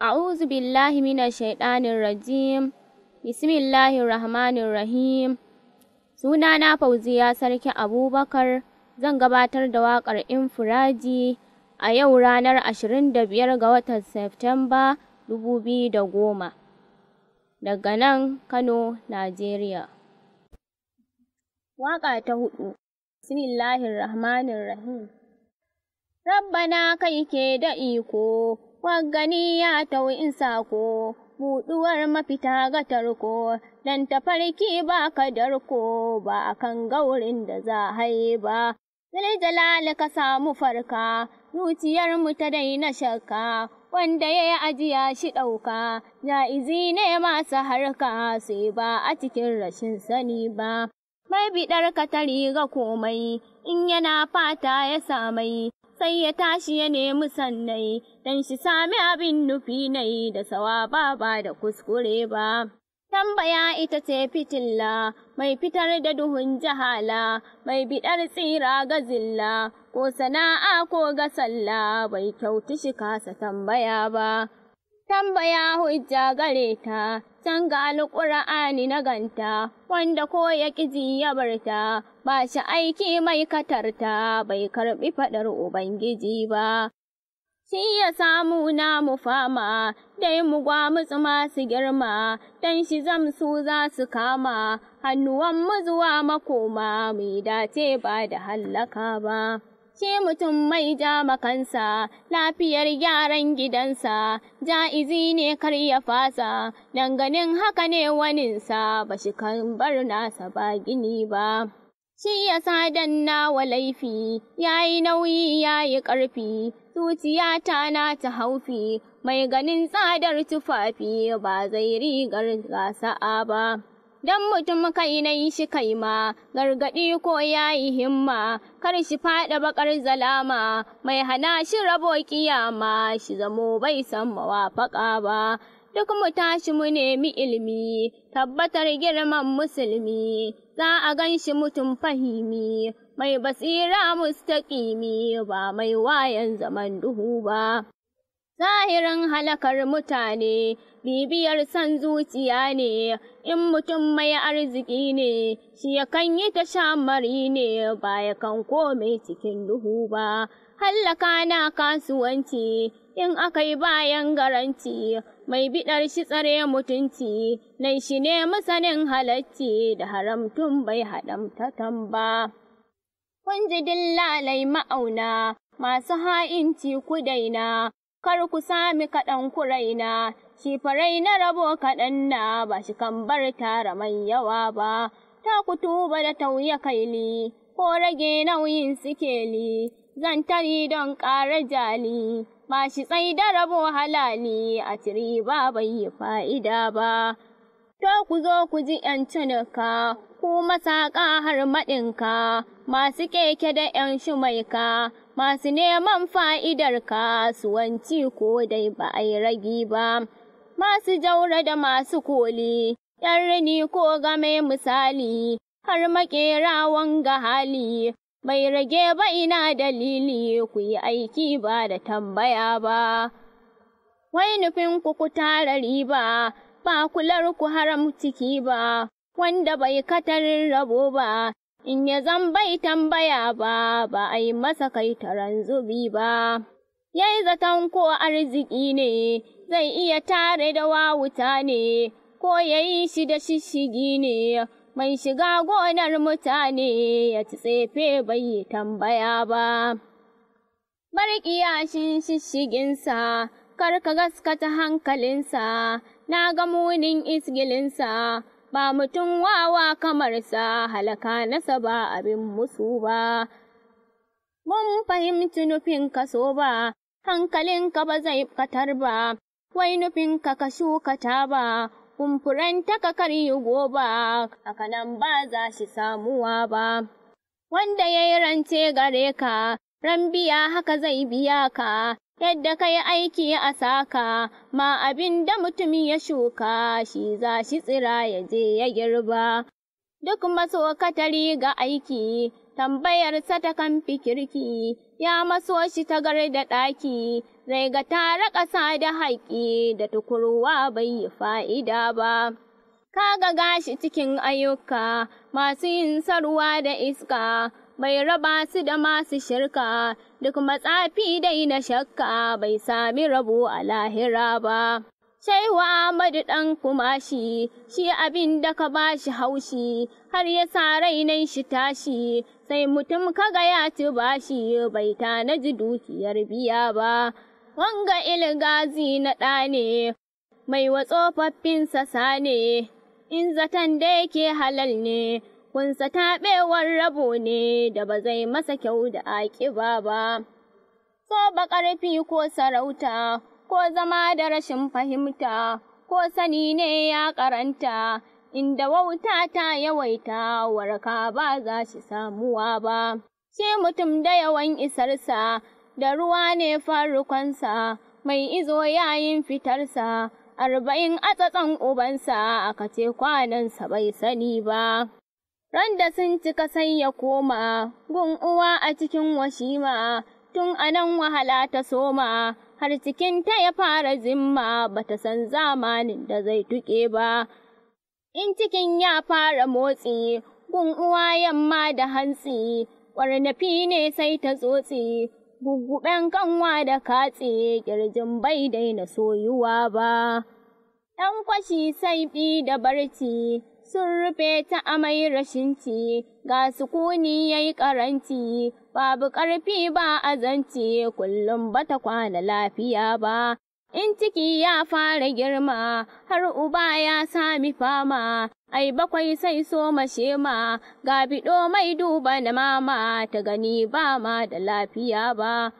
A'udhu billahi minash shaitanir rajim. Bismillahir rahmanir rahim. Sunana Fauziya Sarki Abubakar. Zan gabatar da waƙar Infiraji a yau ranar 25 ga watan Satumba 2010. Daga nan Kano, Najeriya. Waƙa ta hudu. Bismillahir rahmanir rahim. Rabbana kai ke da iko. Waggani ya in sako, buɗuwar mafita ga tarko, dan ta farki ba ka darko ba a kan gaurin da za a ba. Zai jalali ka samu farka, zuciyar mu ta daina shakka, wanda ya yi ajiya shi ɗauka, ja'izi ne masu harka sai ba a cikin rashin sani ba. Mai ka ta riga komai, in yana fata ya samai, sai ya tashi ya nemi sannai don shi sami abin nufi na yi da sawaba ba da kuskure ba. Tambaya ita ce fitilla mai fitar da duhun jahala mai bidar tsira ga zilla ko sana'a ko ga sallah bai kyautu shi kasa tambaya ba. tambaya hujja gare ta can ga alƙur'ani na ganta wanda ko ya ƙiji ya barta ba shi aiki mai katarta bai karɓi faɗar ubangiji ba shi ya samu na mu fama dai mu gwamutsu masu girma don shi zamsu za su kama hannuwan mu zuwa makoma mai dace ba da hallaka ba ke mutum mai ja makansa lafiyar gyaran gidansa ja'izi ne kar ya fasa danganin haka ne waninsa ba shi kan bar nasa ba gini ba shi ya sa danna nawa laifi ya yi nauyi ya yi ƙarfi zuciyata na ta haufi mai ganin tsadar tufafi ba zai rigar gasa'a ba dan mutum kai na yi shi kai ma gargadi ko ya yi himma kar shi faɗa bakar zalama mai hana shi rabo kiyama shi zamo bai san mawafaƙa ba duk mu tashi mu nemi ilimi tabbatar girman musulmi za a gan shi mutum fahimi mai basira mustaƙimi ba mai wayan zaman duhu ba zahirin halakar mutane bibiyar san zuciya ne in mutum mai arziki ne shi yakan yi ta shamari ne ba ya kan kome cikin duhu ba hallaka na kasuwanci in aka yi bayan garanti mai bidar shi tsare mutunci nan shi ne masanin halacci da haramtun bai haɗamta tamba kun ji dillalai ma'auna masu ha'inci ku daina kar ku sami kaɗan ku raina, shi farai na rabo kaɗan na ba shi kan bar tara mai yawa ba, ta ku tuba da tauya kaili, ko rage nauyin sikeli, zan tari don ƙara jali, ba shi tsai da rabo halali a tiri ba bai yi fa'ida ba. To ku zo ku ji ‘yan cinika, ku masaƙa har maɗinka, masu keke da ‘yan ka. masu neman fa'idar kasuwanci ko dai ba a yi ragi ba, masu jaura da masu koli, ‘yan rini ko game misali, har makera wanga hali, bai rage ba ina dalili ku yi aiki ba da tambaya ba. Wai nufin ku ku tara riba, ba kular ku haram ciki ba, wanda bai katarin rabo ba, in ya zan bai tambaya ba ba a yi masa kai taron zubi ba ya yi zaton ko arziki ne zai iya tare da wawuta ne ko ya yi shi da shishigi ne mai shiga gonar mutane ya ci tsefe bai yi tambaya ba bar kiyashin shishiginsa karka gaskata hankalinsa na ga munin isgilinsa ba mutum wawa kamar sa halaka nasa ba abin musu ba. Mun fahimci nufin ka so ba, hankalinka ba zai katar ba, wai nufinka ka shuka shukata ba, ta ka karyi goba, hakanan ba za shi samuwa ba. Wanda ya yi rance gare ka, ran biya haka zai biya ka, yadda ka yi aiki a saka ma abin da mutum ya shuka shi za shi tsira ya je ya girba duk maso katari ga aiki tambayarsa ta kan fikirki ya maso shi tagar da ɗaki zai ga tare ƙasa da haƙi da tukurwa bai yi fa'ida ba Ka ga gashi cikin ayyuka masu yin sarwa da iska bai raba su da masu shirka duk matsafi dai na shakka bai sami rabo a lahira ba shaiwa Ahmadu ɗan kumashi, shi abin da ka ba shi haushi, har ya sa rainan shi tashi, sai mutum ka ya ci bashi bai tanaji dukiyar biya ba. Wanga ilgazi na ɗa ne, mai wa tsofaffin sasa ne, in zaton da yake halal ne, kunsa taɓewar rabo ne da ba zai masa kyau da aƙiba ba. So ba ƙarfi ko sarauta, ko zama da rashin fahimta, ko sani ne ya ƙaranta, inda wauta ta yawaita warka ba za shi samuwa ba. Shi mutum da yawan isarsa, da ruwa ne farukansa, mai izo yayin fitarsa, arba'in a ubansa aka ce kwanansa bai sani ba. Randa sun cika sai ya koma, gun uwa a cikin washima, tun a nan wahala ta soma, har cikin ta ya fara zimma, bata san zamanin da zai tuke ba. In cikin ya fara motsi, gun uwa yamma da hantsi, Kwarnafi ne sai ta tsotsi, gugguɓen kanwa da katse, ƙirjin bai daina soyuwa ba. Ɗan kwashi sai bi da barci, sun rufe ta amai rashin ci, ga sukuni ya yi karanci, babu ƙarfi ba azanci, kullum ba ta kwana lafiya ba. In ciki ya fara girma, har uba ya sami fama, ai bakwai sai so mashe ma, ga biɗo mai duba na mama, ta gani ba ma da lafiya ba.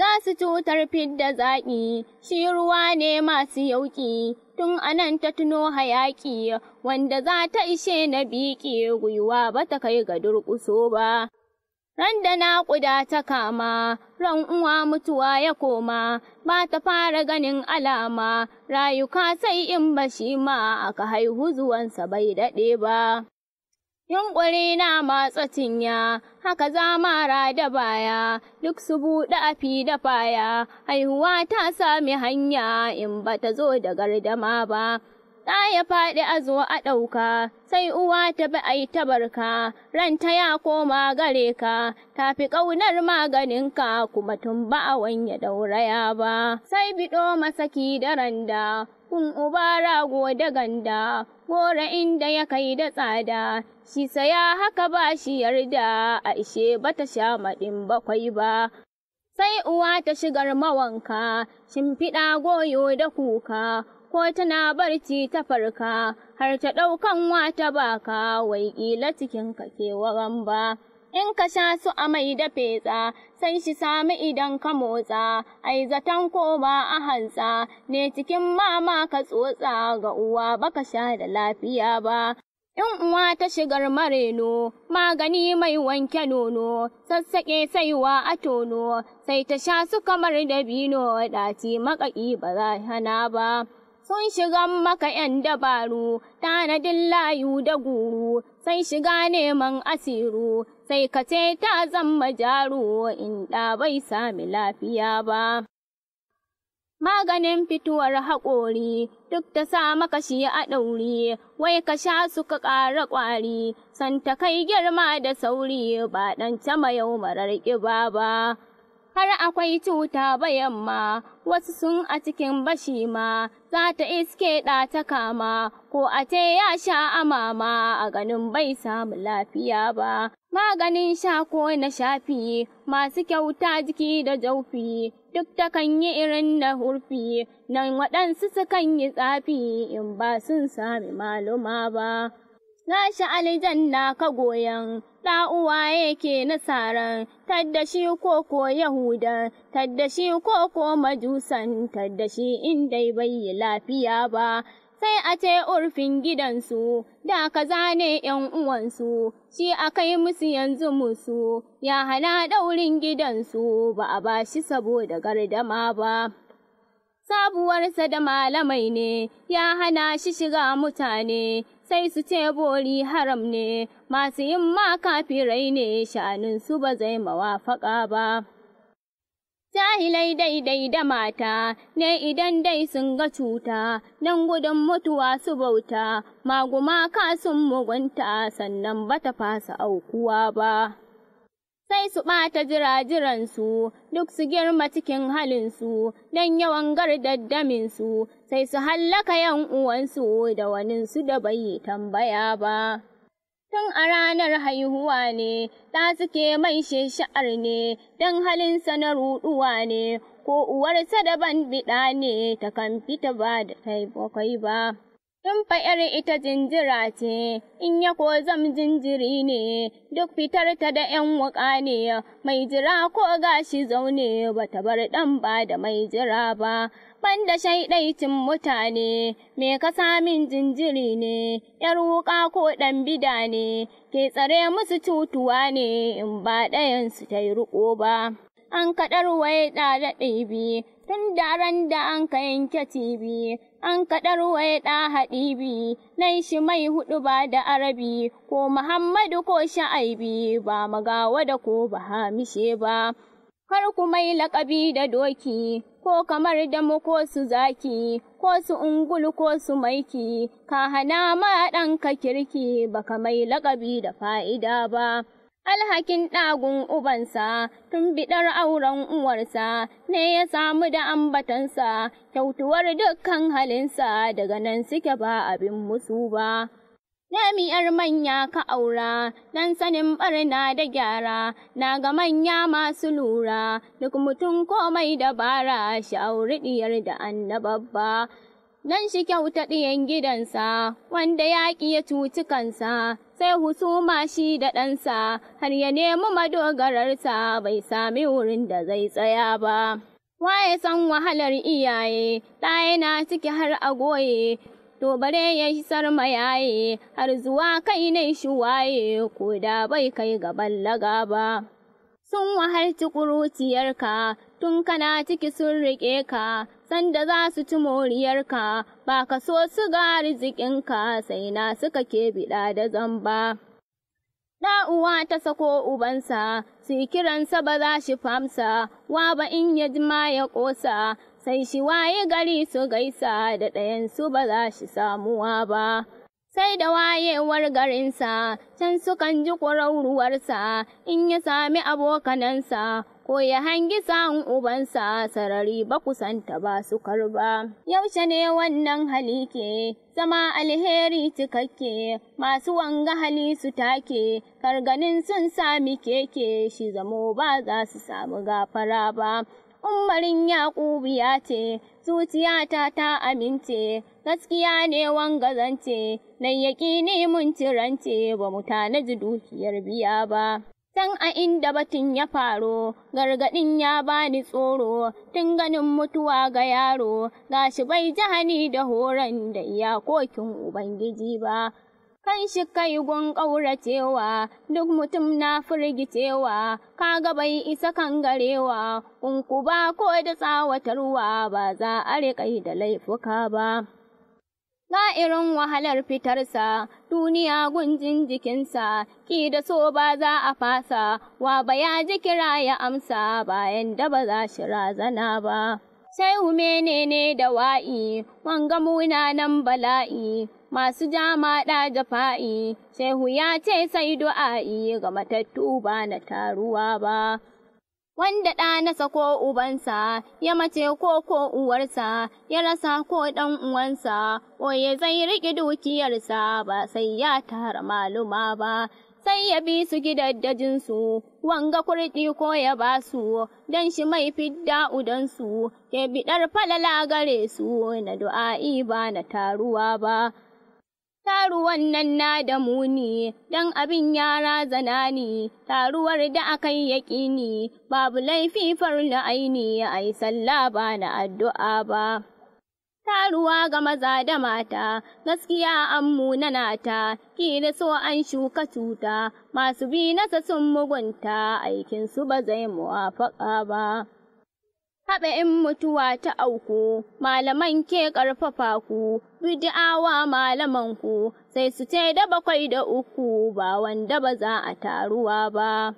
Gasu cutar fidda zaƙi, shi ruwa ne masu yauƙi, tun anan ta tuno hayaƙi wanda za ta ishe na biƙe gwiwa ba ta kai ga durƙuso ba. Ran da naƙuda ta kama, ran uwa mutuwa ya koma, ba ta fara ganin alama, rayuka sai in ba shi ma aka haihu zuwansa bai daɗe ba. Yunƙuri na matsa cinya, haka za mara da baya, duk su buɗe a fi da faya, haihuwa ta sami hanya in ba ta zo da gardama ba. Ɗa ya faɗi a zo a ɗauka, sai uwa ta bi ayi ta tabarka, ranta ya koma gare ka, ta fi ƙaunar maganinka kuma tun ba a wanya ɗauraya ba. Sai biɗo masaki da randa, kun uba rago da ganda. gora inda ya kai da tsada shi saya haka ba shi yarda a ishe ta sha maɗin bakwai ba sai uwa ta shigar mawanka shimfiɗa goyo da kuka ko tana barci ta farka har ta ɗaukan wata baka wai ƙila cikin kakewa ba in ka sha su amai da fetsa sai shi sami idan ka motsa ai zaton ko ba a hantsa ne cikin mama ka tsotsa ga uwa baka sha da lafiya ba in uwa ta shigar mareno magani mai wanke nono sassaƙe saiwa a tono sai ta sha su kamar dabino ɗaci makaƙi ba za hana ba sun shiga maka ‘yan dabaru, tanadin layu da guru, sai shiga neman asiru, sai ka ce ta zama majaru in ɗa bai sami lafiya ba. Maganin fituwar haƙori duk ta sa maka shi a ɗauri, wai ka sha suka ƙara ƙwari, san ta kai girma da sauri ba ɗan ta marar ƙiba ba. har akwai cuta bayan ma wasu sun a cikin bashi ma za ta iske ɗata ta kama ko a ce ya sha amama a ganin bai samu lafiya ba maganin sha ko na shafi masu kyauta jiki da jaufi duk ta kan yi irin na hurfi nan waɗansu sukan yi tsafi in ba sun sami maluma ba na shi aljanna ka goyon da uwa yake nasaran tadda shi koko yahuda tadda shi koko majusan tadda shi indai bai yi lafiya ba sai a ce urfin gidansu da ka zane yan uwansu shi akai musu yanzu musu ya hana daurin gidansu ba a bashi saboda gardama ba sabuwarsa da malamai ne ya hana shi shiga mutane sai su ce bori haram ne masu yin ma kafirai ne sha'anin su ba zai mawafaka ba jahilai daidai da mata ne idan dai sun ga cuta nan gudun mutuwa su bauta maguma ka sun mugunta sannan bata fasa aukuwa ba sai su ɓata jirajiransu duk su girma cikin halinsu don yawan gardaddaminsu sai su hallaka yan uwansu da waninsu da bai tambaya ba. Tun a ranar haihuwa ne, ta suke mai shisha'ar ne, don halinsa na ruɗuwa ne, ko uwarsa daban biɗa ne, ta kan fita ba da taimakai ba. in fa ‘yar ita jinjira ce, in ya ko zam jinjiri ne, duk fitar ta da ‘yan wuƙa ne, mai jira ko gashi zaune ba ta bar ɗan ba da mai jira ba. Banda shaidaicin mutane, me ka samin jinjiri ne, ‘yar wuƙa ko ɗan bida ne, ke tsare musu cutuwa ne in ba su ta yi riƙo ba. an kaɗar waye ɗa biyu, tun da ran da an ka yanke tibi an kaɗar waye ɗa haɗibi, nan shi mai hudu ba da arabi, ko Muhammadu ko sha'aibi, ba magawa da ko ba hamishe ba. Kar ku mai laƙabi da doki, ko kamar damu ko su zaki, ko su ungulu ko su maiki, ka hana ma ɗanka kirki, baka mai laƙabi da fa'ida ba. alhakin ɗagun ubansa, tun biɗar auren uwarsa, ne ya samu da ambatansa, kyautuwar dukkan halinsa daga nan suke ba abin musu ba. Jami'ar manya ka aura, dan sanin barna da gyara, na ga manya masu lura, duk mutum komai dabara, sha'auri ɗiyar da annababba. Nan shi kyauta ɗiyan gidansa, wanda yaƙi ya cuci kansa, sai husuma shi da ɗansa har ya nemi madogararsa bai sami wurin da zai tsaya ba. Waye san wahalar iyaye, ɗa na ciki har a goye, to bare ya sar mayaye har zuwa kai ne shi waye ko da bai kai ga ballaga ba. Sun wahalci ƙuruciyarka tun kana ciki sun riƙe ka sanda za su ci moriyarka ba ka so su ga rizikinka sai na suka ke biɗa da zamba. Da uwa ta sako ubansa, su kiransa ba za shi famsa, wa ba in ya jima ya ƙosa, sai shi waye gari su gaisa da ɗayansu ba za shi samuwa ba. Sai da wayewar garinsa, can sukan ji ƙwararruwarsa, in ya sami abokanansa, ko ya hangi san ubansa sarari ba kusanta ba su karba. Yaushe ne wannan hali ke zama alheri cikakke masu wanga hali su take karganin sun sami keke shi zamo ba za su samu gafara ba. Umarin Yaƙubu ya ce, zuciyata ta amince, gaskiya ne wanga zance, nan yaƙi ne mun cirance ba mu tanaji dukiyar biya ba. San a inda batun ya faro, gargaɗin ya bani tsoro, tun ganin mutuwa ga yaro, ga shi bai ji hani da horon da iyakokin Ubangiji ba. kan shi kai gun ƙauracewa duk mutum na firgicewa kaga bai isa kan garewa kunku ba ko da tsawatarwa ba za a riƙa da laifuka ba za'irin wahalar fitarsa, duniya gunjin jikinsa, ki da so ba za a fasa, wa ba ya ji kira ya amsa bayan da ba za shi razana ba. Sai menene da wa'i, wanga munanan bala'i, masu jama da jafa'i, shehu ya ce sai du'a'i ga matattu ba na taruwa ba. wanda ɗa nasa ko ubansa ya mace ko ko uwarsa ya rasa ko ɗan uwansa ko ya zai riƙe dukiyarsa ba sai ya tara maluma ba sai ya bi su gidaddajinsu wanga kurɗi ko ya ba su don shi mai fidda udansu ke biɗar falala gare su na du'a'i ba na taruwa ba. taruwan nan na da muni dan abin ya zanani, taruwar da akai yaƙini babu laifi farla aini ai sallah ba na addu'a ba taruwa ga maza da mata gaskiya an munana ta kila so an shuka cuta masu bi nasa sun mugunta su ba zai muwafaƙa ba haɓe in mutuwa ta auku, malaman ke ƙarfafa ku, bidi'awa malaman ku, sai su ce da bakwai da uku ba wanda ba za a taruwa ba.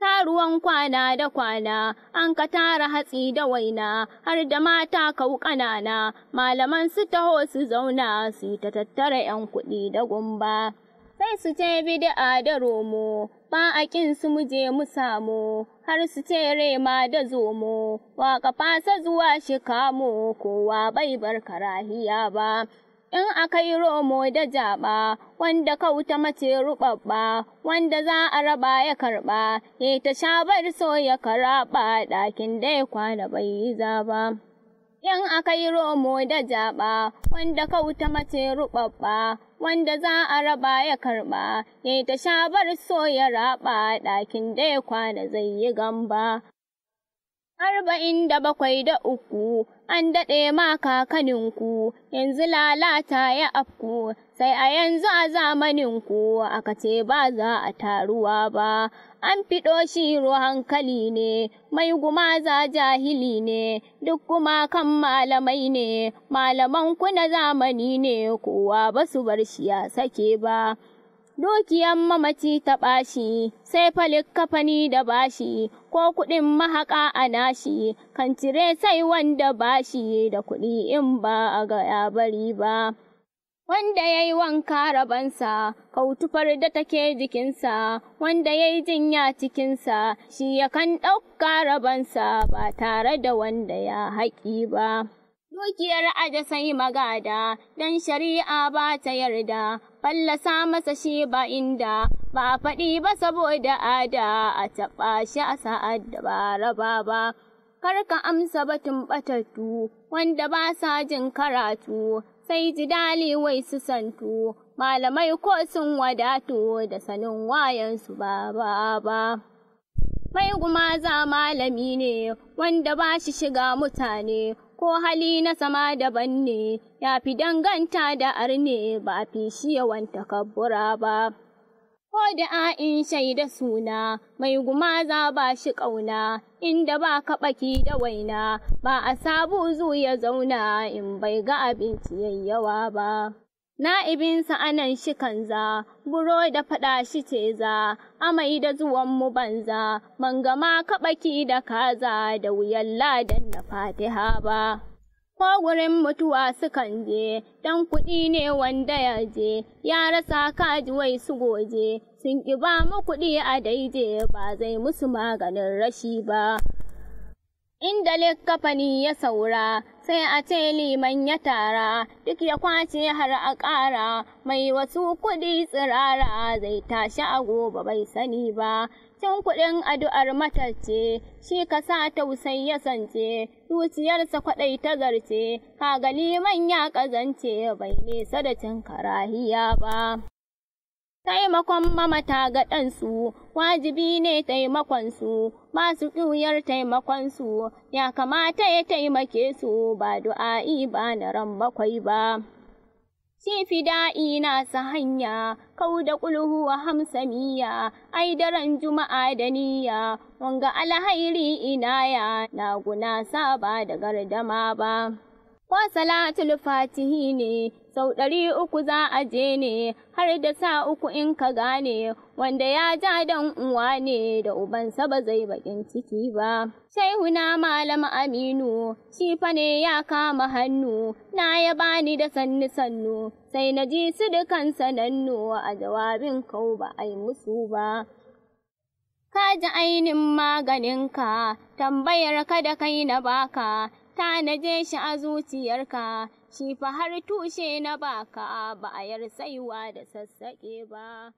taruwan kwana da kwana, an ka tara hatsi da waina, har da mata kau na, malaman su taho su zauna su ta tattara ‘yan kuɗi da gumba. sai su ce a da romo ba a kin su muje mu samu har su ce ma da zomo ka fasa zuwa shi kamo kowa bai bar karahiya ba in akai romo da jaba wanda kauta mace rubabba wanda za a raba ya karba ya ta bar so ya karaba ɗakin da ya kwana bai yi zaba. in aka yi romo da jaba wanda kauta mace rubabba wanda za a raba ya karba ya ta shabar so ya raba ɗakin da ya kwana zai yi gamba arba'in da bakwai da uku an daɗe ma kakaninku yanzu lalata ya afku sai a yanzu a zamanin ku aka ce ba za a taruwa ba an fiɗo shi hankali ne mai gumaza jahili ne duk kuma kan malamai ne malaman ku na zamani ne kowa ba su bar shi ya sake ba dukiyan mamaci ta ɓashi sai falik kafani da bashi ko kuɗin mahaƙa a nashi kan cire sai wanda bashi da kuɗi in ba a ga ya bari ba Wanda ya yi wanka rabansa, kautufar da take jikinsa, wanda ya yi jinya cikinsa, shi ya kan ɗauka rabansa ba tare da wanda ya haƙi ba. Dukiyar aja sai magada, don shari'a ba ta yarda, fallasa masa shi ba inda, ba a faɗi ba saboda ada, a taɓa shi a sa'ad da ba raba ba. Kar ka amsa batun ɓatattu, wanda ba sa jin karatu, sai jidali wai su santu malamai ko sun wadatu da sanin wayansu ba ba ba mai gumaza malami ne wanda ba shi shiga mutane ko hali na sama daban ne ya fi danganta da arne ba fi shi yawan takabbura ba Ko da a'in shaida suna, mai gumaza ba shi ƙauna, inda ba ka ɓaki da waina, ba a sabu zu ya zauna in bai ga abinci yayyawa ba. Na'ibinsa anan shi kanza, buro da faɗa shi teza, amai da zuwan mu banza, mangama kaɓaki da kaza da wuyan ladan na fatiha ba. ko gurin mutuwa sukan je dan kuɗi ne wanda ya je ya rasa kaji wai su goje sun ki ba mu kuɗi a daije ba zai musu maganin rashi ba inda likkafani ya saura sai a ce liman ya tara duk ya kwace har a ƙara mai wasu kuɗi tsirara zai tashi a gobe bai sani ba Cin kuɗin addu'ar matace shi ka sa tausayi ya sance zuciyarsa kwaɗai ta zarce kaga liman ya ƙazance bai nesa da cin karahiya ba Taimakon mamata ga ɗansu, wajibi ne taimakon su masu ƙuyar taimakonsu, ya kamata ya taimake su ba du'a'i ba na ran bakwai ba. Shi fida'i nasa hanya, kau da ƙulhu wa hamsamiya, ai daren juma'a da niyya, wanga alhairi ya? na guna saba da gardama ba. ko salatul fatihi ne sau ɗari uku za a je ne har da sa uku in ka gane wanda ya ja dan uwa ne da ubansa ba zai bakin ciki ba. Shaihuna Malam Aminu shi fa ne ya kama hannu na ya bani da sannu sannu sai na ji su dukan sanannu a jawabin kau ba ai musu ba. Ka ji ainin maganinka tambayar ka da kai na baka tanaje shi a zuciyarka shi fa har tushe na baka ba a yar saiwa da sassaƙe ba